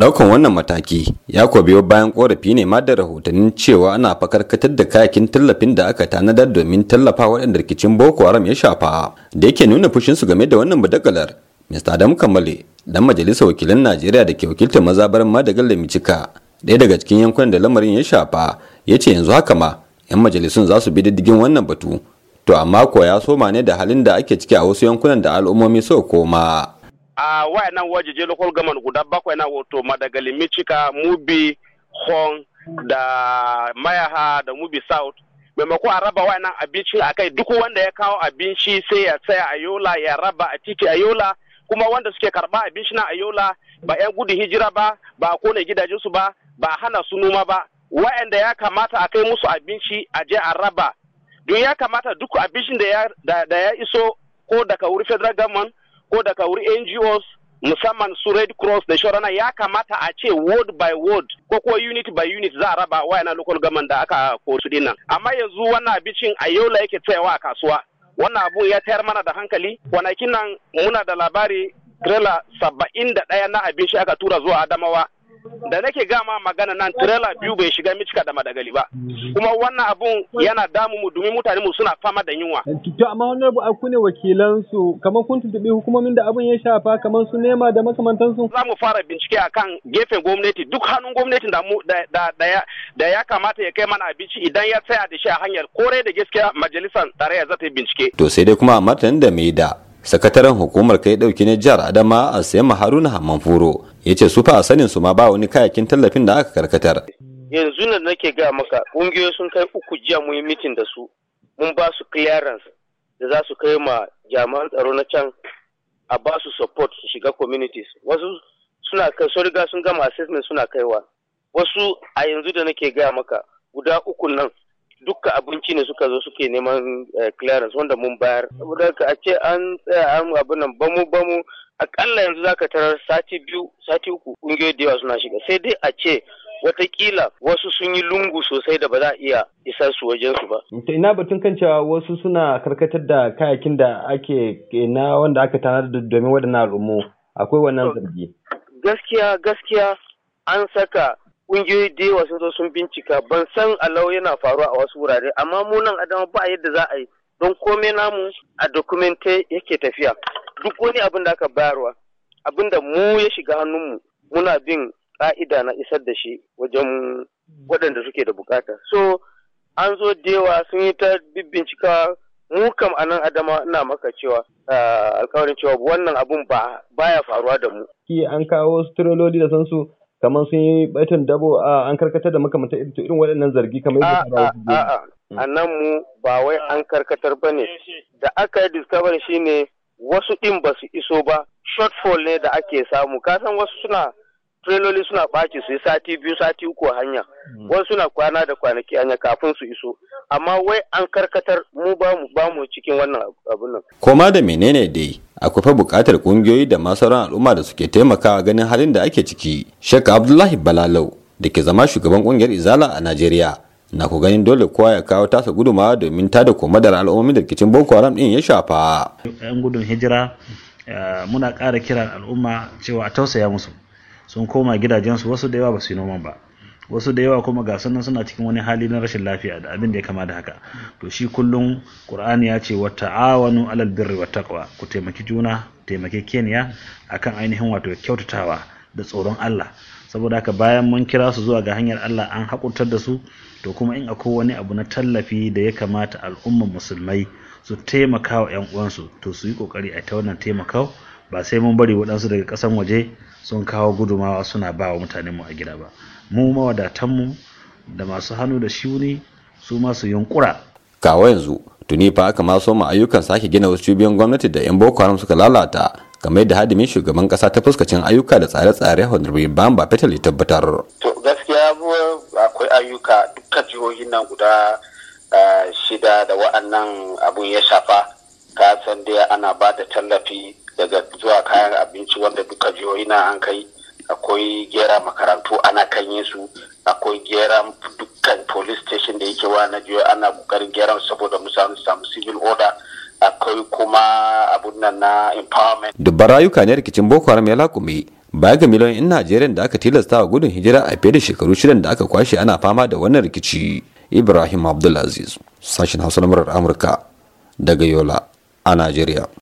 daukan wannan mataki ya ko biyo bayan korafi ne ma da rahotannin cewa ana fakarkatar da kayakin tallafin da aka tanadar domin tallafa waɗanda rikicin boko haram ya shafa da yake nuna fushin su game da wannan badagalar mr adamu kamale dan majalisar wakilan najeriya da ke wakiltar mazabar madagal da micika ɗaya daga cikin yankunan da lamarin ya shafa ya ce yanzu haka ma 'yan majalisun za su bi diddigin wannan batu to amma ko ya soma ne da halin da ake ciki a wasu yankunan da al'ummomi suka koma a wayannan wajeje local government guda bakwai na wato madagali michika mubi hong da mayaha da mubi south maimako a raba wayannan abinci a kai duk wanda ya kawo abinci sai ya tsaya a yola ya raba a titi a yola kuma wanda suke karba abinci na a yola ba 'yan gudun hijira ba ba a kone gidajensu ba ba a hana su noma ba wa'anda ya kamata a kai musu abinci a je a raba don ya kamata duk abincin da ya, iso ko daga wuri federal government ko daga wuri NGOs musamman su Red Cross da shorana ya kamata a ce word by word ko ko unit by unit za a raba wayana local government da aka kosu dinnan amma yanzu wannan abincin a yau yake tsayawa a kasuwa wannan abu ya tayar mana da hankali kwanakin nan muna da labari trailer saba'in da ɗaya na abinci aka tura zuwa adamawa da nake gama magana nan tirela biyu bai shiga mitika da madagali ba kuma wannan abun yana damu mu domin mutane mu suna fama da yunwa to amma wannan abu ku ne wakilan su kamar kun tuntube hukumomin da abun ya shafa kamar su nema da makamantan su za mu fara bincike akan gefen gwamnati duk hannun gwamnati da mu da da ya kamata ya kai mana abinci idan ya tsaya da shi a hanyar kore da gaskiya majalisar tarayya za ta yi bincike to sai dai kuma martanin da me da sakataren hukumar kai dauki na jihar adama a sayan haruna hamanfuro ya ce su fa a sanin su ma ba wani kayakin tallafin da aka karkatar yanzu da nake ga maka ƙungiyoyi sun kai uku jiya mu yi mitin da su mun ba su clearance da za su kai ma jami'an tsaro na can a ba su support su shiga communities wasu suna kai sun riga sun gama assessment suna kaiwa wasu a yanzu da nake gaya maka guda uku nan Dukka abinci ne suka zo suke neman eh, clearance wanda mun bayar saboda a ce an tsaya an abin nan bamu bamu akalla yanzu zaka tarar sati biyu sati uku kungiyoyi da yawa suna shiga sai dai a ce watakila wasu sun yi lungu sosai da ba za a iya isa su wajen su ba. Ta ina batun kan cewa wasu suna karkatar da kayakin da ake na wanda aka tanar da domin waɗannan al'ummu akwai wannan zargi. Gaskiya gaskiya an saka kungiyoyi da yawa sun zo sun bincika ban san alau yana faruwa a wasu wurare amma mu nan adama ba yadda za a yi don kome namu a dokumente yake tafiya duk wani abin da aka bayarwa abin da mu ya shiga hannun mu muna bin ka'ida na isar da shi wajen waɗanda suke da bukata so an zo da yawa sun yi ta bincika mu kam a adama ina maka cewa alkawarin cewa wannan abun ba baya faruwa da mu. Ki an kawo strololi da sansu kamar sun yi baitin dabo a an karkatar da makamanta irin waɗannan zargi kamar yadda a mm. a nan mu ba wai an karkatar ba ne da aka yi discovery shine wasu ɗin ba su iso ba shortfall ne da ake samu kasan wasu suna treloli suna ɓaci su yi sati biyu sati uku a hanya hmm. wasu suna kwana da kwanaki hanya kafin su iso amma wai an karkatar mu ba mu cikin wannan abunan nan koma da menene dai akwai fa buƙatar ƙungiyoyi da masu ran al'umma da suke taimakawa ganin halin da ake ciki shakka abdullahi balalau da ke zama shugaban ƙungiyar izala a najeriya na ku ganin dole kowa ya kawo tasa gudumawa domin koma da al'ummomin da rikicin boko haram din ya shafa yan gudun hijira eh, muna ƙara kiran al'umma cewa a tausaya musu sun koma gidajensu wasu da yawa ba su yi noman ba wasu da yawa kuma ga sannan suna cikin wani hali na rashin lafiya da abin da ya kama da haka to shi kullum qur'ani ya ce wata a alal birri wa taqwa ku taimaki juna taimake keniya akan ainihin wato kyautatawa da tsoron Allah saboda haka bayan mun kira su zuwa ga hanyar Allah an hakurtar da su to kuma in akwai wani abu na tallafi da ya kamata al'ummar musulmai su taimaka wa 'yan uwansu to su yi kokari a ta wannan taimakawa ba sai mun bari waɗansu daga ƙasan waje sun kawo gudumawa suna ba wa mutanenmu a gida ba mu mawadatanmu da masu hannu da shi ne su masu yunkura kawo yanzu tuni fa aka ma soma ayyukan sake gina wasu cibiyoyin gwamnati da yan boko haram suka lalata kamar da hadimin shugaban kasa ta fuskacin ayyuka da tsare-tsare honorable bamba petal ya tabbatar to gaskiya akwai ayyuka dukkan jihohin nan guda eh, shida da wa'annan abun ya shafa ka san dai ana ba da tallafi daga abinci wanda duka an kai akwai gera makarantu ana kan yin su akwai gera dukkan police station da yake wa na jiyo ana kokarin gera saboda mu samu civil order akwai kuma abun nan na empowerment dubban rayuka ne rikicin boko haram ya lakume baya ga miliyoyin in najeriya da aka tilasta wa gudun hijira a fiye da shekaru shidan da aka kwashe ana fama da wannan rikici ibrahim abdulaziz sashen hausa na murar amurka daga yola a najeriya